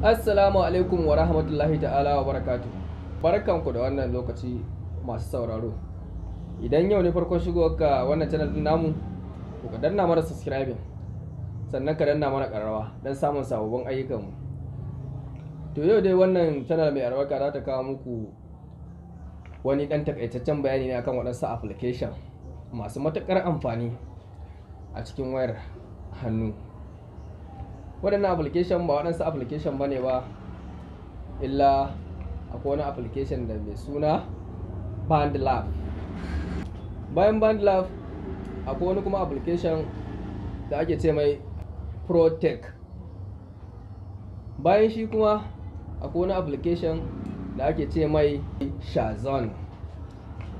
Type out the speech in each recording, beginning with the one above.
Assalamu alaikum wa rahmatullahi ta'ala wa barkan Barkanku da wannan lokaci masu sauraro. Idan yau ne farkon shigo ka wannan channel din namu, to ka danna mana subscribing. Sannan ka danna mana karrawa dan samun sababbin ayyukanmu. To yau dai wannan channel mai albarka za ta kawo muku wani dan takaitaccen bayani ne akan waɗansu application masu matukar amfani a cikin wayar hannu. waɗannan application ba waɗansu application ba ne ba illa akwai wani application da mai suna bandlab bayan bandlab akwai wani kuma application da ake ce mai protec bayan shi kuma akwai wani application da ake ce mai shazon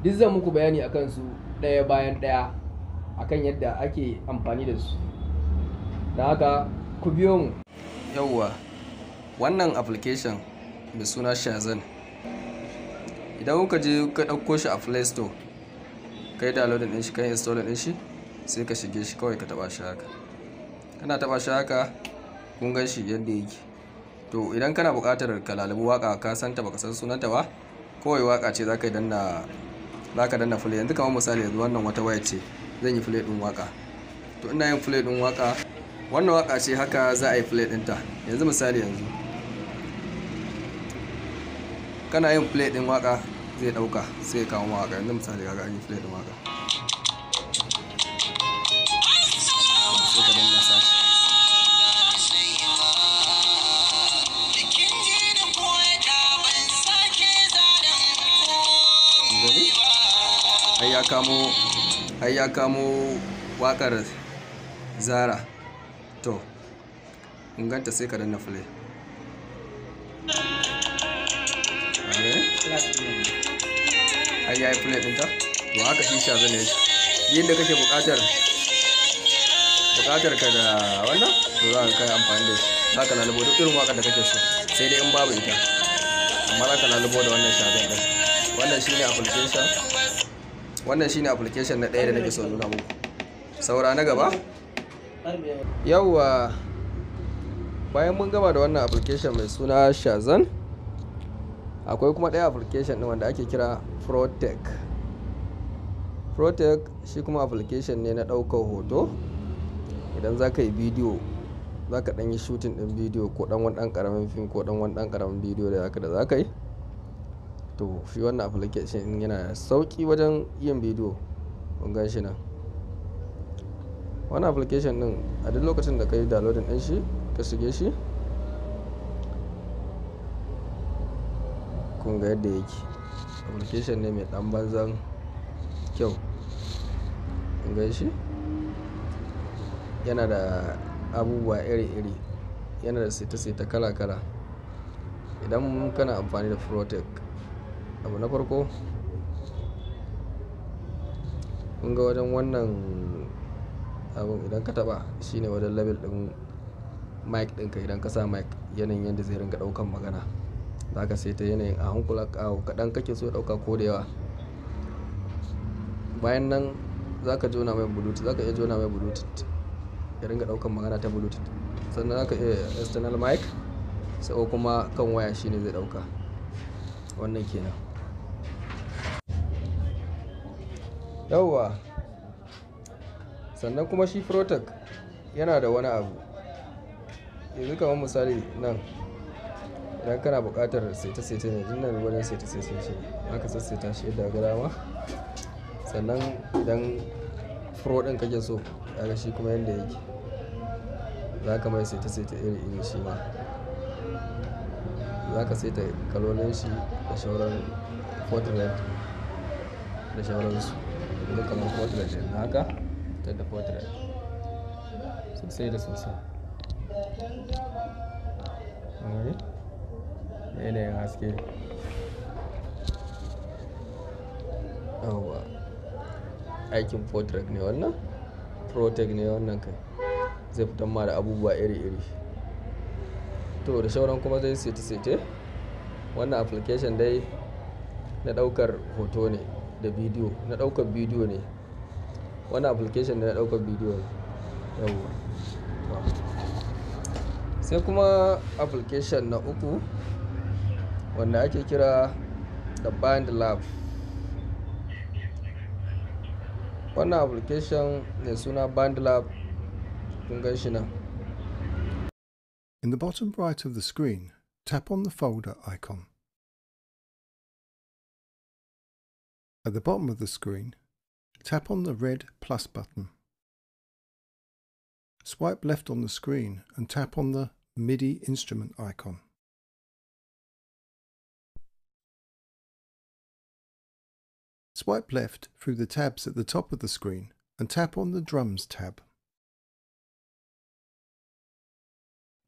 duk zan muku bayani akan su ɗaya bayan ɗaya akan yadda ake amfani da su da haka ku biyo mu yauwa wannan application mai suna shazan idan kuka je ka ɗauko shi a play store ka yi downloading ɗin shi ka yi installing ɗin shi sai ka shige shi kawai ka taɓa shi haka kana taɓa shi haka kun gan shi yadda yake to idan kana buƙatar ka lalabi waka ka san ta baka san sunanta ba kawai waka ce za ka danna za ka danna play yanzu kamar misali yanzu wannan wata waya ce zan yi play ɗin waka to ina yin play ɗin waka wannan waka ce haka za a yi play dinta yanzu misali yanzu kana yin play din waka zai ɗauka sai kawo waka yanzu misali ga gani yi play din waka ai ya kamo wakar zara to inganta sai ka danna play har ya yi play ɗinta to haka shi sha zane yadda kake buƙatar buƙatar ka da wannan to za ka kai amfani da shi za ka lalubo duk irin waƙar da kake so sai dai in babu ita amma za ka lalubo da wannan sha ɗin wannan shine application wannan shine application na ɗaya da nake so nuna muku saura na gaba yawwa bayan mun gama da wannan application mai suna shazan akwai kuma ɗaya application ɗin wanda ake kira protec protec shi kuma application ne na ɗaukar hoto idan za ka yi bidiyo za ka ɗan yi shooting ɗin bidiyo ko ɗan wani ɗan ƙaramin fim ko ɗan wani ɗan ƙaramin bidiyo da zaka da za ka yi to shi wannan application yana sauƙi wajen yin bidiyo kun gan shi nan wani application din a duk lokacin da ka yi downloading din shi ka shige shi kun ga yadda yake application ne mai dan banzan kyau kun ga shi yana da abubuwa iri-iri yana da sita-sita kala-kala idan kana amfani da protec abu na farko kun ga wajen wannan abin idan ka taba shine wajen level din mic ɗinka idan ka sa mic yanayin yadda zai ringa ɗaukan magana za ka sai ta yanayin a hankula kawo kaɗan kake so ɗauka ko da yawa bayan nan za ka jona mai bluetooth za ka iya jona mai bluetooth ya ringa ɗaukan magana ta bluetooth sannan za ka iya external mic sai kuma kan waya shine zai ɗauka wannan kenan yawwa sannan kuma shi protag yana da wani abu yanzu kamar misali nan idan kana bukatar saita-saita ne jin nan wajen saita-saita shi aka sassaita shi yadda ga dama sannan idan pro ɗin kake so ga shi kuma yadda yake za ka mai saita-saita iri-iri shi ma za ka saita kalolin shi da shauran portrait da shauransu duka kamar portrait ɗin haka gabatar da portrait sosai da sosai yanayin haske yawwa aikin portrait ne wannan protect ne wannan kai zai fitan ma da abubuwa iri-iri to da shauran kuma zai sete-sete wannan application dai na daukar hoto ne da bidiyo na daukar bidiyo ne wani application da na ɗaukar bidiyo yawwa sai kuma application na uku wanda ake kira lab wannan application mai suna lab shi nan In the bottom right of the screen, tap on the folder icon. At the bottom of the screen, Tap on the red plus button. Swipe left on the screen and tap on the MIDI instrument icon. Swipe left through the tabs at the top of the screen and tap on the Drums tab.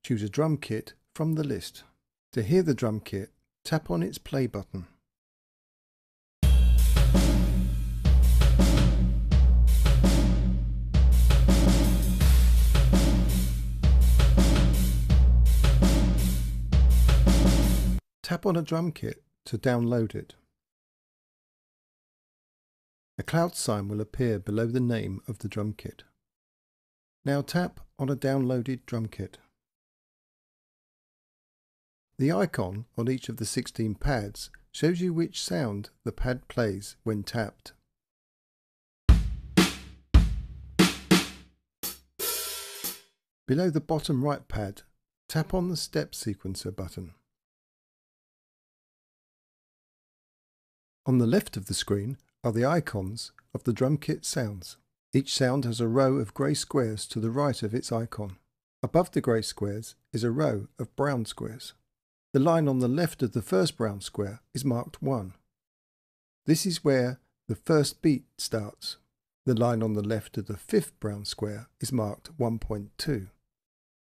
Choose a drum kit from the list. To hear the drum kit, tap on its play button. Tap on a drum kit to download it. A cloud sign will appear below the name of the drum kit. Now tap on a downloaded drum kit. The icon on each of the 16 pads shows you which sound the pad plays when tapped. Below the bottom right pad, tap on the step sequencer button. On the left of the screen are the icons of the drum kit sounds. Each sound has a row of grey squares to the right of its icon. Above the grey squares is a row of brown squares. The line on the left of the first brown square is marked 1. This is where the first beat starts. The line on the left of the fifth brown square is marked 1.2.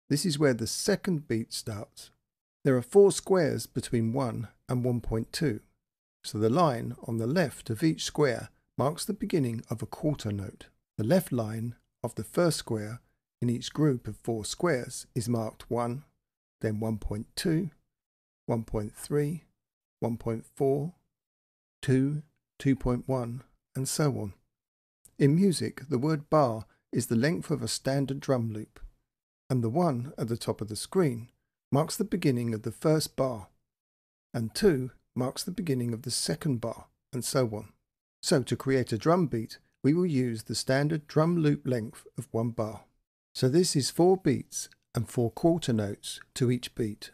This is where the second beat starts. There are four squares between 1 and 1.2 so the line on the left of each square marks the beginning of a quarter note. The left line of the first square in each group of four squares is marked 1, then 1.2, 1.3, 1.4, 2, 2.1, and so on. In music, the word bar is the length of a standard drum loop, and the 1 at the top of the screen marks the beginning of the first bar, and 2 marks the beginning of the second bar, and so on. So to create a drum beat, we will use the standard drum loop length of one bar. So this is four beats and four quarter notes to each beat,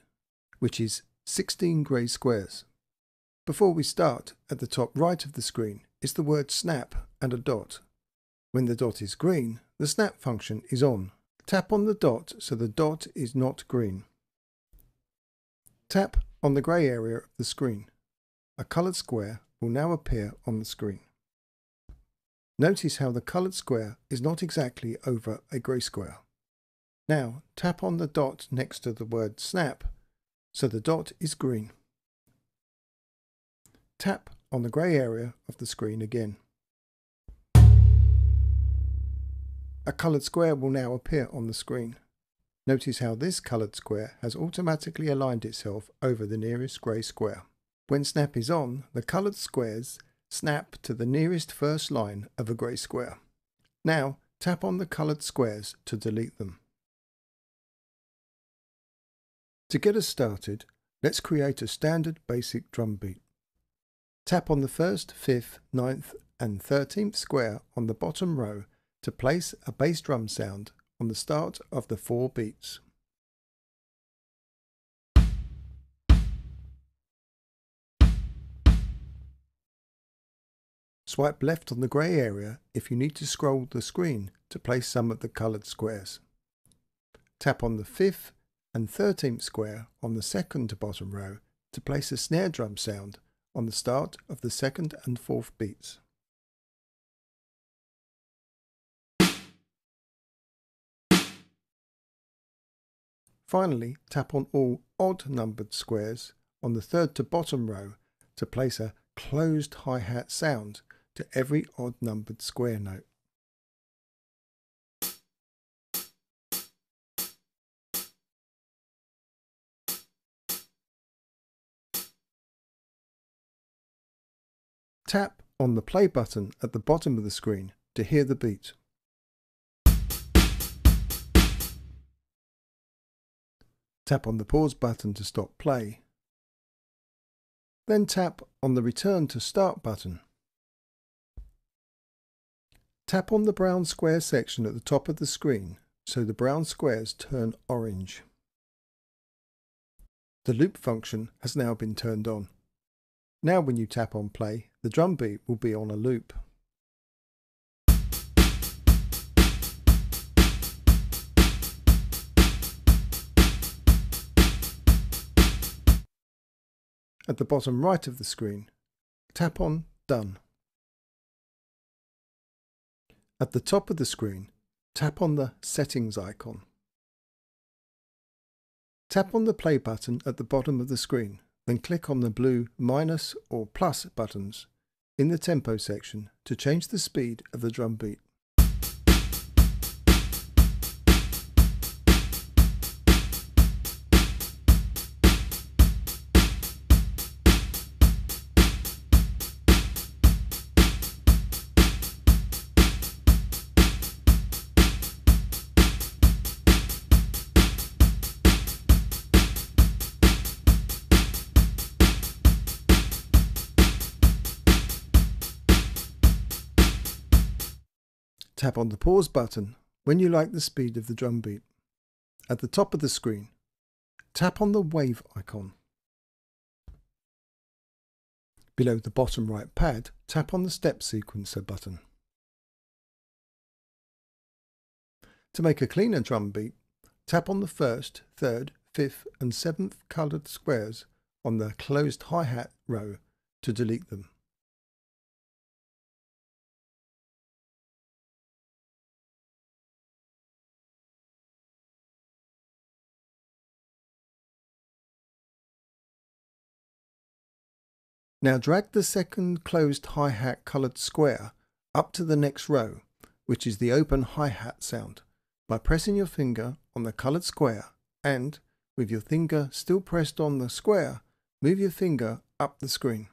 which is 16 grey squares. Before we start, at the top right of the screen is the word snap and a dot. When the dot is green, the snap function is on. Tap on the dot so the dot is not green. Tap on the grey area of the screen. A coloured square will now appear on the screen. Notice how the coloured square is not exactly over a grey square. Now tap on the dot next to the word snap so the dot is green. Tap on the grey area of the screen again. A coloured square will now appear on the screen. Notice how this coloured square has automatically aligned itself over the nearest grey square. When snap is on, the coloured squares snap to the nearest first line of a grey square. Now tap on the coloured squares to delete them. To get us started, let's create a standard basic drum beat. Tap on the first, fifth, ninth and 13th square on the bottom row to place a bass drum sound on the start of the four beats. Swipe left on the grey area if you need to scroll the screen to place some of the coloured squares. Tap on the 5th and 13th square on the second to bottom row to place a snare drum sound on the start of the second and fourth beats. Finally, tap on all odd numbered squares on the third to bottom row to place a closed hi-hat sound to every odd numbered square note. Tap on the play button at the bottom of the screen to hear the beat. Tap on the pause button to stop play. Then tap on the return to start button Tap on the brown square section at the top of the screen so the brown squares turn orange. The loop function has now been turned on. Now when you tap on play, the drum beat will be on a loop. At the bottom right of the screen, tap on Done. At the top of the screen, tap on the Settings icon. Tap on the play button at the bottom of the screen, then click on the blue minus or plus buttons in the tempo section to change the speed of the drum beat. tap on the pause button when you like the speed of the drum beat. At the top of the screen, tap on the wave icon. Below the bottom right pad, tap on the step sequencer button. To make a cleaner drum beat, tap on the first, third, fifth and seventh coloured squares on the closed hi-hat row to delete them. Now drag the second closed hi-hat coloured square up to the next row, which is the open hi-hat sound, by pressing your finger on the coloured square and, with your finger still pressed on the square, move your finger up the screen.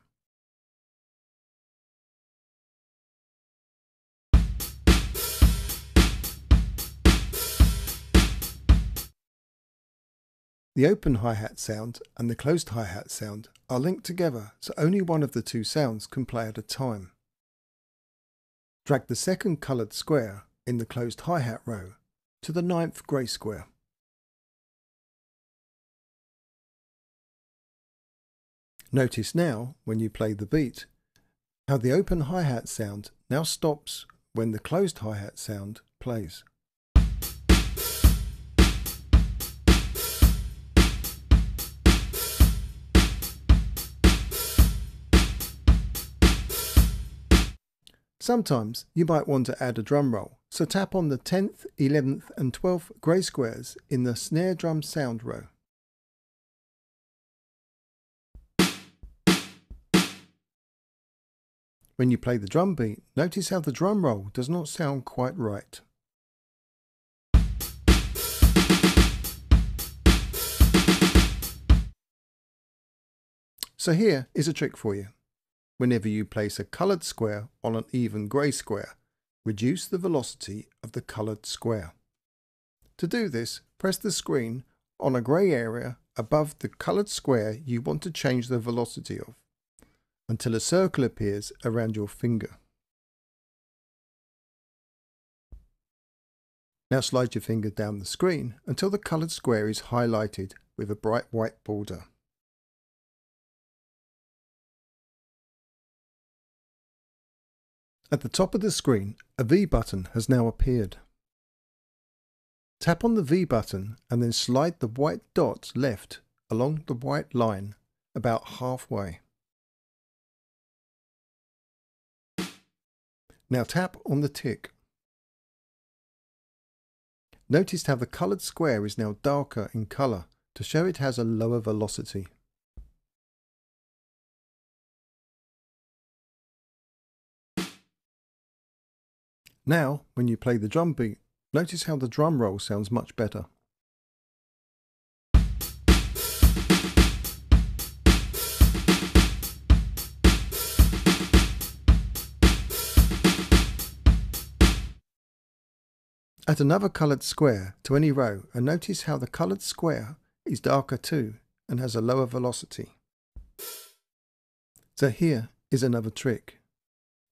The open hi-hat sound and the closed hi-hat sound are linked together so only one of the two sounds can play at a time. Drag the second coloured square in the closed hi-hat row to the ninth grey square. Notice now, when you play the beat, how the open hi-hat sound now stops when the closed hi-hat sound plays. Sometimes you might want to add a drum roll, so tap on the 10th, 11th and 12th grey squares in the snare drum sound row. When you play the drum beat, notice how the drum roll does not sound quite right. So here is a trick for you whenever you place a coloured square on an even grey square, reduce the velocity of the coloured square. To do this, press the screen on a grey area above the coloured square you want to change the velocity of, until a circle appears around your finger. Now slide your finger down the screen until the coloured square is highlighted with a bright white border. At the top of the screen, a V button has now appeared. Tap on the V button and then slide the white dot left along the white line about halfway. Now tap on the tick. Notice how the coloured square is now darker in colour to show it has a lower velocity. Now, when you play the drum beat, notice how the drum roll sounds much better. Add another coloured square to any row and notice how the coloured square is darker too and has a lower velocity. So here is another trick.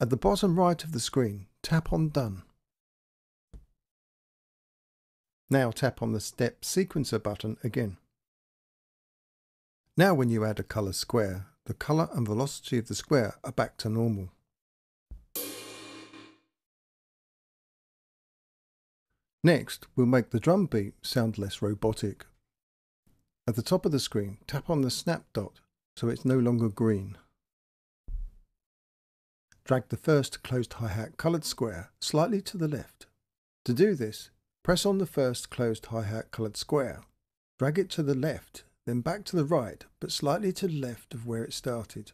At the bottom right of the screen, tap on Done. Now tap on the Step Sequencer button again. Now when you add a colour square, the colour and velocity of the square are back to normal. Next, we'll make the drum beat sound less robotic. At the top of the screen, tap on the snap dot so it's no longer green. Drag the first closed hi-hat coloured square slightly to the left. To do this, press on the first closed hi-hat coloured square. Drag it to the left, then back to the right, but slightly to the left of where it started.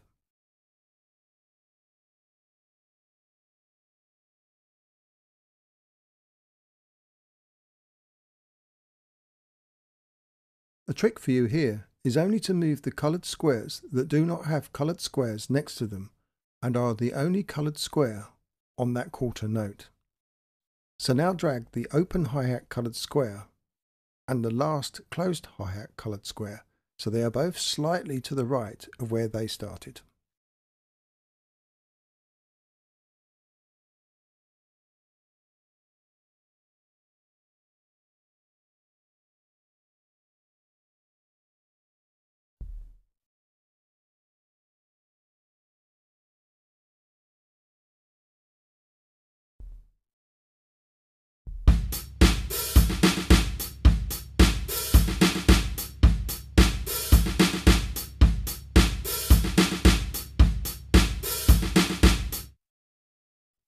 A trick for you here is only to move the coloured squares that do not have coloured squares next to them and are the only coloured square on that quarter note. So now drag the open hi-hat coloured square and the last closed hi-hat coloured square, so they are both slightly to the right of where they started.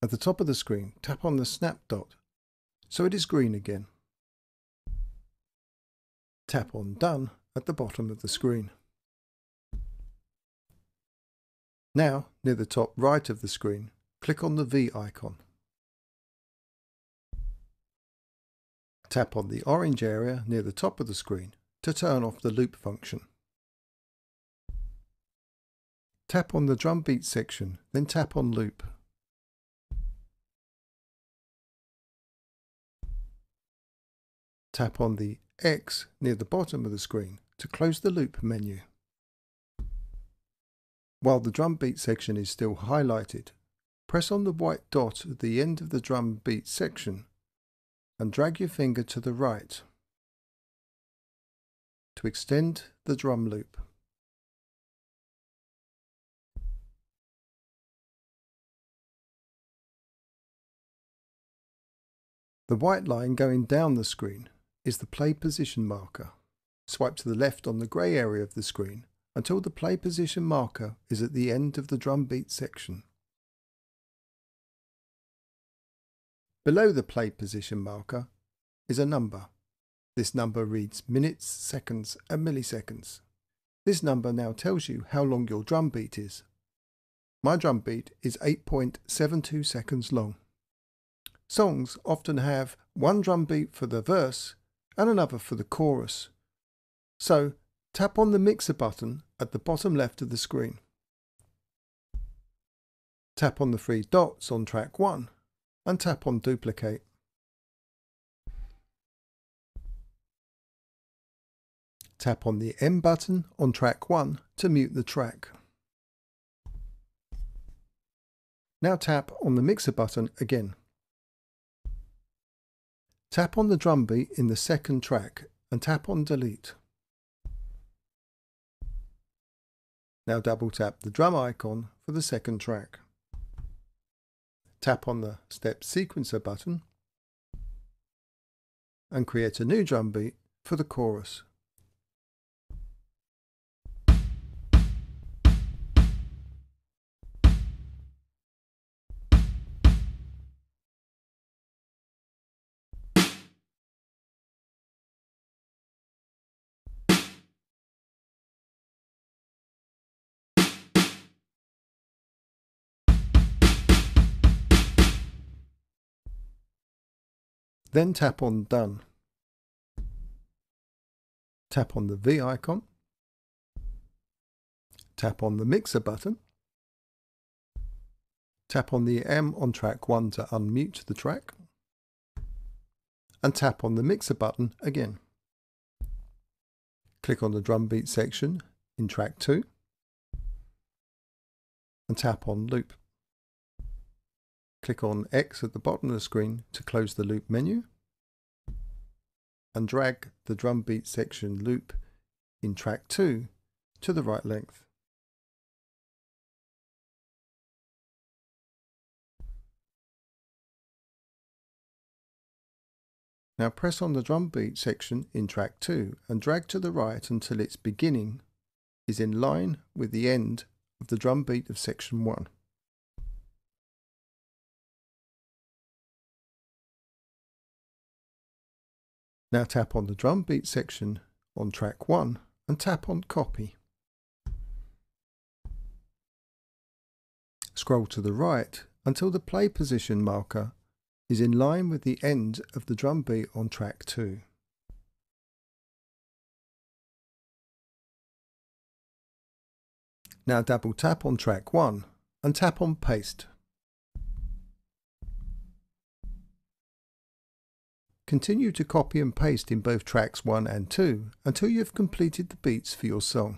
At the top of the screen, tap on the snap dot so it is green again. Tap on Done at the bottom of the screen. Now, near the top right of the screen, click on the V icon. Tap on the orange area near the top of the screen to turn off the loop function. Tap on the drum beat section, then tap on loop. tap on the X near the bottom of the screen to close the loop menu. While the drum beat section is still highlighted, press on the white dot at the end of the drum beat section and drag your finger to the right to extend the drum loop. The white line going down the screen is the Play Position marker. Swipe to the left on the grey area of the screen until the Play Position marker is at the end of the drum beat section. Below the Play Position marker is a number. This number reads minutes, seconds and milliseconds. This number now tells you how long your drum beat is. My drum beat is 8.72 seconds long. Songs often have one drum beat for the verse and another for the chorus. So tap on the mixer button at the bottom left of the screen. Tap on the three dots on track 1 and tap on duplicate. Tap on the M button on track 1 to mute the track. Now tap on the mixer button again. Tap on the drum beat in the second track and tap on delete. Now double tap the drum icon for the second track. Tap on the step sequencer button and create a new drum beat for the chorus. Then tap on Done. Tap on the V icon. Tap on the Mixer button. Tap on the M on track 1 to unmute the track. And tap on the Mixer button again. Click on the drum beat section in track 2 and tap on Loop. Click on X at the bottom of the screen to close the loop menu and drag the drum beat section loop in track 2 to the right length. Now press on the drum beat section in track 2 and drag to the right until its beginning is in line with the end of the drum beat of section 1. Now tap on the drum beat section on track 1 and tap on copy. Scroll to the right until the play position marker is in line with the end of the drum beat on track 2. Now double tap on track 1 and tap on paste. Continue to copy and paste in both tracks 1 and 2 until you've completed the beats for your song.